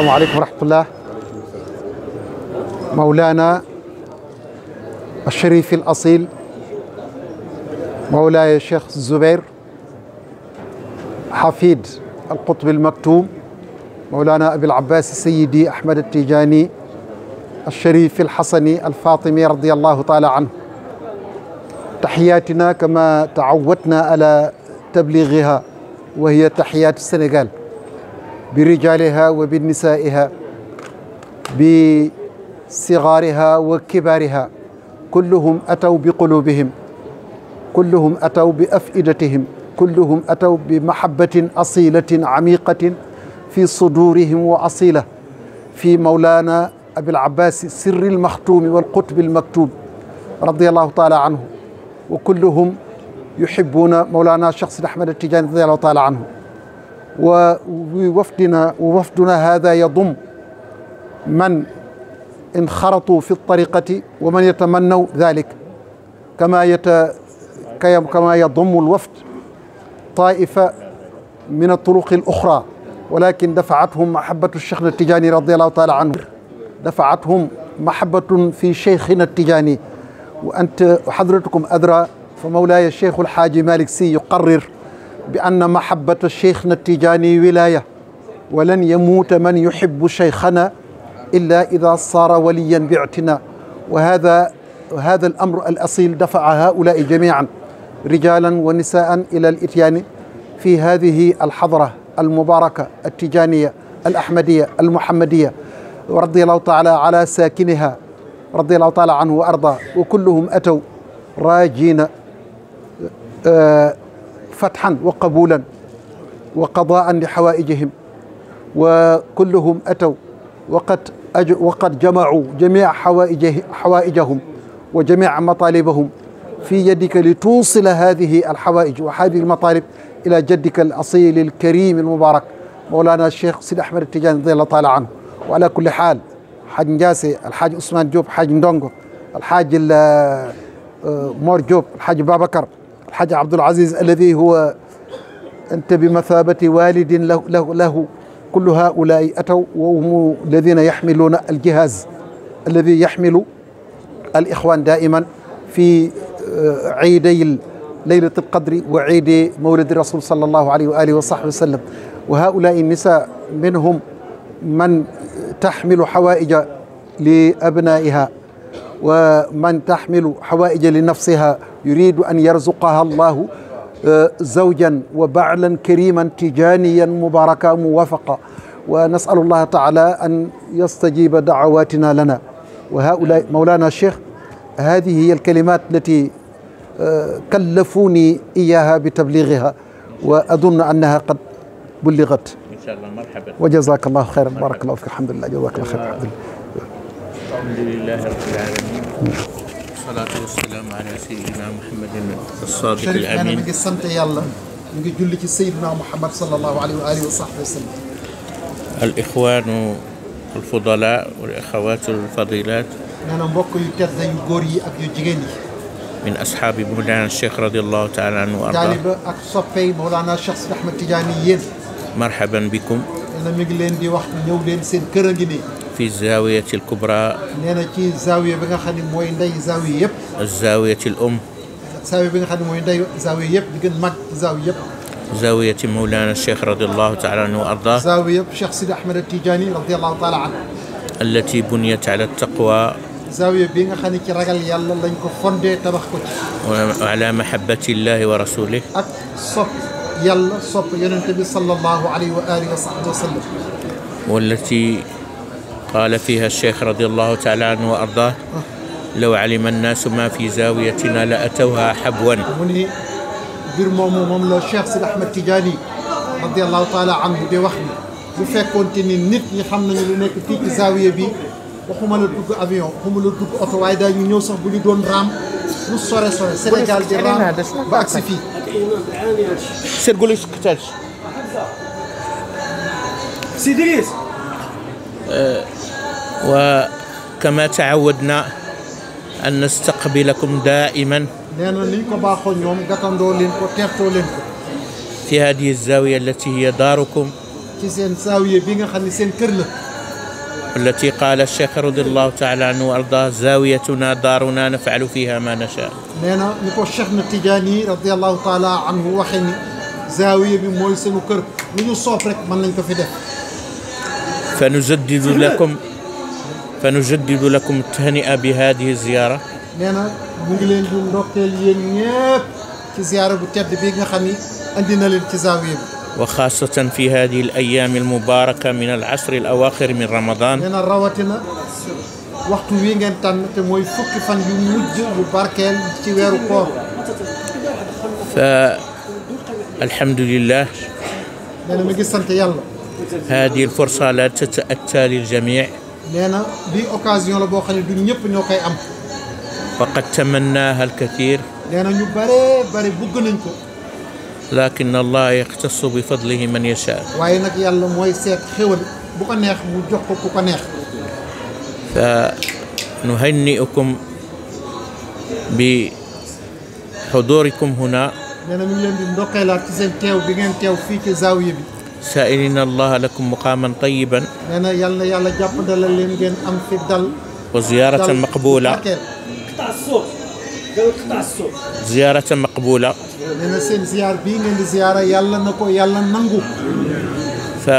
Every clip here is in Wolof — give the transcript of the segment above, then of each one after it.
السلام عليكم ورحمة الله مولانا الشريف الأصيل مولاي الشيخ الزبير حفيد القطب المكتوم مولانا أبي العباس سيدي أحمد التيجاني الشريف الحسني الفاطمي رضي الله تعالى عنه تحياتنا كما تعودنا على تبليغها وهي تحيات السنغال برجالها وبالنسائها بصغارها وكبارها كلهم أتوا بقلوبهم كلهم أتوا بأفئدتهم كلهم أتوا بمحبة أصيلة عميقة في صدورهم وأصيلة في مولانا أبي العباس سر المختوم والقطب المكتوب رضي الله تعالى عنه وكلهم يحبون مولانا شخص أحمد التجاني رضي الله تعالى عنه ووفدنا ووفدنا هذا يضم من انخرطوا في الطريقة ومن يتمنوا ذلك كما يت كما يضم الوفد طائفة من الطرق الأخرى ولكن دفعتهم محبة الشيخ التجاني رضي الله تعالى عنه دفعتهم محبة في شيخنا التجاني وأنت حضرتكم أدرى فمولاي الشيخ الحاج مالك سي يقرر bi anna mahabbata cheikhna tijaani wilaya walan yamuuta man yuhibbu cheikhana illa ida saara waliyan bi ictina wa hada hada al amru al asil dafaca haulaai jamican rijalan wa nisaan ila al ityaani fi hadihi al xadra al mubaraka al tijaniya al ahmadiya al muhammadiya radi allahu taala ala saakiniha radi allahu taala anhu wa arda wa kulluhum ataw raajiina eh, فتحا وقبولا وقضاء لحوائجهم وكلهم أتوا وقد وقد جمعوا جميع حوائجه حوائجهم وجميع مطالبهم في يدك لتوصل هذه الحوائج وهذه المطالب إلى جدك الأصيل الكريم المبارك مولانا الشيخ سيد أحمد التجاني رضي الله تعالى عنه وعلى كل حال حاج نجاسي الحاج عثمان جوب حاج ندونغو الحاج مور جوب الحاج بابكر الحاج عبد العزيز الذي هو أنت بمثابة والد له, له, له كل هؤلاء أتوا وهم الذين يحملون الجهاز الذي يحمل الإخوان دائما في عيدي ليلة القدر وعيد مولد الرسول صلى الله عليه وآله وصحبه وسلم وهؤلاء النساء منهم من تحمل حوائج لأبنائها ومن تحمل حوائج لنفسها yuridu an yarzuqaha allahu uh, zawjan wa baalan kariman tijaniyan mubaraka muwafaqa wa nasalu allaha taala an yastajiba daawatina lana wa haula maulana cheikh hadihi hiya alkalimat allati uh, kallafuni iyaha bitabligiha wa adunnu annaha qad bulligat wa jazaka allahu xeyran baraka allahu fik alhamdulillah jazaka allahu xeyran alhamdulillah alhamdulilah rabbil alamin salaatu wasalaamu ala sayyidina muhammadin as-saadiq al-amiin mi ngi sant yàlla mi ngi julli ci sayyidina muhammad sallallahu alayhi wa alihi wa sahbihi wa sallam al ixwaanu al fudala wal axawaatu al fadilat nee na mbokk yu tedd yu góor yi ak yu jigéen yi min ashaabi mawlaana cheikh radiyallahu taala anhu wa arda taaliba ak soppey mawlaana cheikh Sidi Ahmed Tidiane yéen marhaban bikum nee na mi ngi leen di wax ñëw leen seen kër a ngi nii في الزاوية الكبرى نينا تي زاوية بيغا خاني موي نداي زاوية يب الزاوية الأم زاوية بيغا خاني موي نداي زاوية يب ديغن ماك زاوية يب زاوية مولانا الشيخ رضي الله تعالى عنه وأرضاه زاوية الشيخ سيدي أحمد التيجاني رضي الله تعالى عنه التي بنيت على التقوى زاوية بيغا خاني كي راغال يالا لنكو فوندي تبخ وعلى محبة الله ورسوله أك صب يلا صب ينتبه صلى الله عليه وآله وصحبه وسلم والتي قال فيها الشيخ رضي الله تعالى عنه وأرضاه لو علم الناس ما في زاويتنا لأتوها حبوا mu ni mbir moomu moom la Cheikh Sidi Ahmed Tidiane radiyallahu taala anhu di wax ni bu fekkoonte ni nit ñi xam nañu lu nekk fii ci zaawiya bi waxuma la dugg avion waxuma la dugg oto waaye daañu ñëw sax bu ñu doon raam lu sore sore Sénégal di raam ba agsi fii Sidi euh, وكما تعودنا أن نستقبلكم دائما في هذه الزاوية التي هي داركم التي قال الشيخ رضي الله تعالى عنه وارضاه زاويتنا دارنا نفعل فيها ما نشاء نينا نيكو الشيخ التجاني رضي الله تعالى عنه وخني زاويه بي موي سونو كير نيو صوف رك مان نكو في ديف فنجدد لكم fa nujaddidu lakum tahni'a bi hadihi ziyaara nee na mu ngi leen di ndokkeel yéen ñëpp ci ziyaara bu tedd bi nga xam ni andi na leen ci zaawiya bi wa xaasatan fi hadihi al ayaami al mubaaraka min al asri al awaaxir min ramadaan nee na rawatina waxtu wi ngeen tànn te mooy fukki fan yu mujj yu barkeel ci weeru koor fa alhamdulillah nee na mi ngi sant yàlla hadihi al fursa la tata'attaa liljamii nee na lii occasion la boo xam ne du ñëpp ñoo koy am faqad tamannaha alkathir nee na ñu bare bare bëgg nañ ko lakin allah yaxtasu bi fadlihi man yacha waaye nag yàlla mooy seet xéwal bu ko neex mu jox ko ku ko neex fa nuhanniukum bi xudurikum huna nee na mi ngi leen di ndokkeelaat ci seen teew bi ngeen teew fii ci zaawiya bi saa'ilina allaha lakum muqaaman tayyiban nee na yal na yàlla jàppandala leen ngeen am fi dal wa ziyaaratan maqbuula ziyaaratan maqbuula nee na seen ziyaar bii ngeen di ziyaara yàlla na ko yàlla nangu fa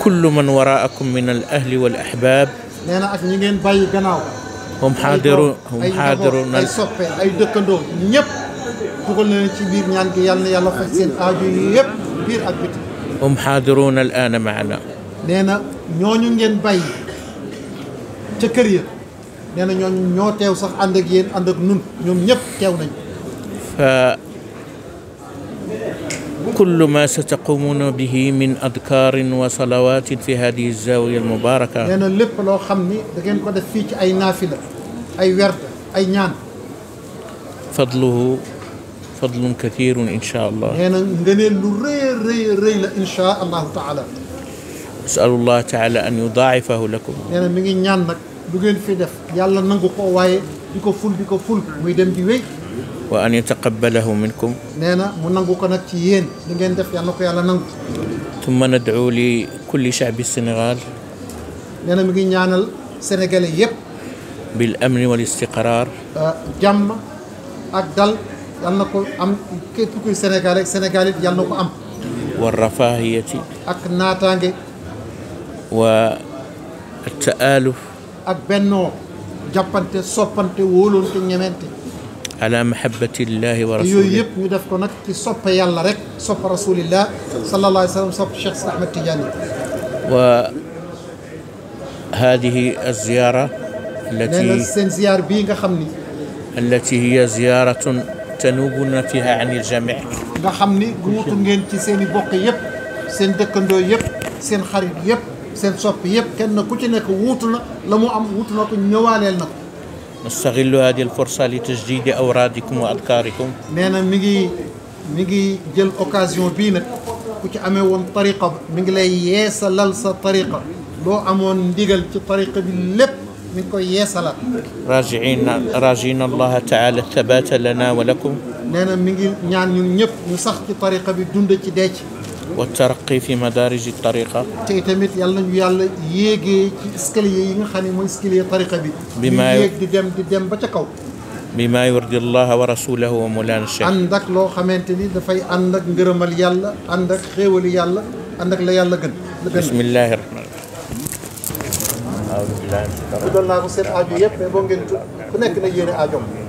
kullu man waraakum min al ahli wal ahbaab nee na ak ñi ngeen bàyyi gannaaw hum xaadiruun hum xaadiruun ay soppe ay dëkkandoo ñëpp dugal na ci biir ñaan gi yàlla na yàlla faj seen aajo yi yëpp biir ak biti hum xaadiruuna al aana maana nee ngeen bàyyi ca kër ya nee na ñoo teew sax ànd ak yéen ànd ak nun ñoom ñëpp teew nañ fa kullu ma sataqumuuna bihi min adkaarin wa salawatin fi hadihi zawiya al lépp loo xam ni da ngeen ko def fii ci ay naafila ay werd ay ñaan فضل كثير إن شاء الله nee na ngëneel lu rëy rëy rëy la inchaa allahu taala أسأل الله تعالى أن يضاعفه لكم nee na mi ngi ñaan nag lu ngeen fi def yàlla nangu ko waaye di ko ful di ko ful muy dem di wéy wa an yataqabbalahu minkum nee na mu nangu ko nag ci yéen li ngeen def yàlla ko yàlla nangu tumma nad'u li kulli shaabi Sénégal nee na mi ngi ñaanal sénégalais yëpp bil amni wal istiqraar jàmm ak dal yal na ko am képp kuy Sénégal rek Sénégal it yal na ko am wa rafahiyati ak naataange wa taaluf ak bennoo jàppante soppante wóolonte ñemente ala mahabatillahi wa rasulillah yooyu yëpp ñu def ko nag ci soppe yàlla rek sopp rasulillah sallallahu alayhi wa sallam sopp Cheikh Ahmed Tidiane wa hadihi alziyara allati seen ziyaar bii nga xam ni allati hiya ziyaratun tanuubuna fiha an il jami nga xam ni wuutu ngeen ci seen i bokk yëpp seen dëkkandoo yëpp seen xarit yëpp seen soppi yëpp kenn ku ci nekk wuutu na la mu am wuutu na ko ñëwaaleel na ko nastaxillu hadi alforsa li tajdidi awraadikum wa adkaarikum nee na mi ngi mi ngi jël occasion bii nag ku ci amee woon tariqa mi ngi lay yeesalal sa tariqa loo amoon ndigal ci tariqa bi lépp mi ngi koy yeesalaat rajiina rajiina allaha taala thabata lana wa lakum nee na mi ngi ñaan ñun ñëpp ñu sax ci tariqa bi dund ci dee ci wa taraqi fi madariji tariqa te tamit yàlla nañu yàlla yéegee ci escalier yi nga xam ne mooy escalier tariqa bi bi ma yéeg di dem di dem ba ca kaw bi ma yurdi allaha wa rasulahu wa mulaana cheikh ànd ak loo xamante ni dafay ànd ak ngërëmal yàlla ànd ak xéewali yàlla ànd ak la yàlla gën bismillahi rahman dugal naa ko seen aajo yëpp mais ngeen ku nekk na yéene aajoom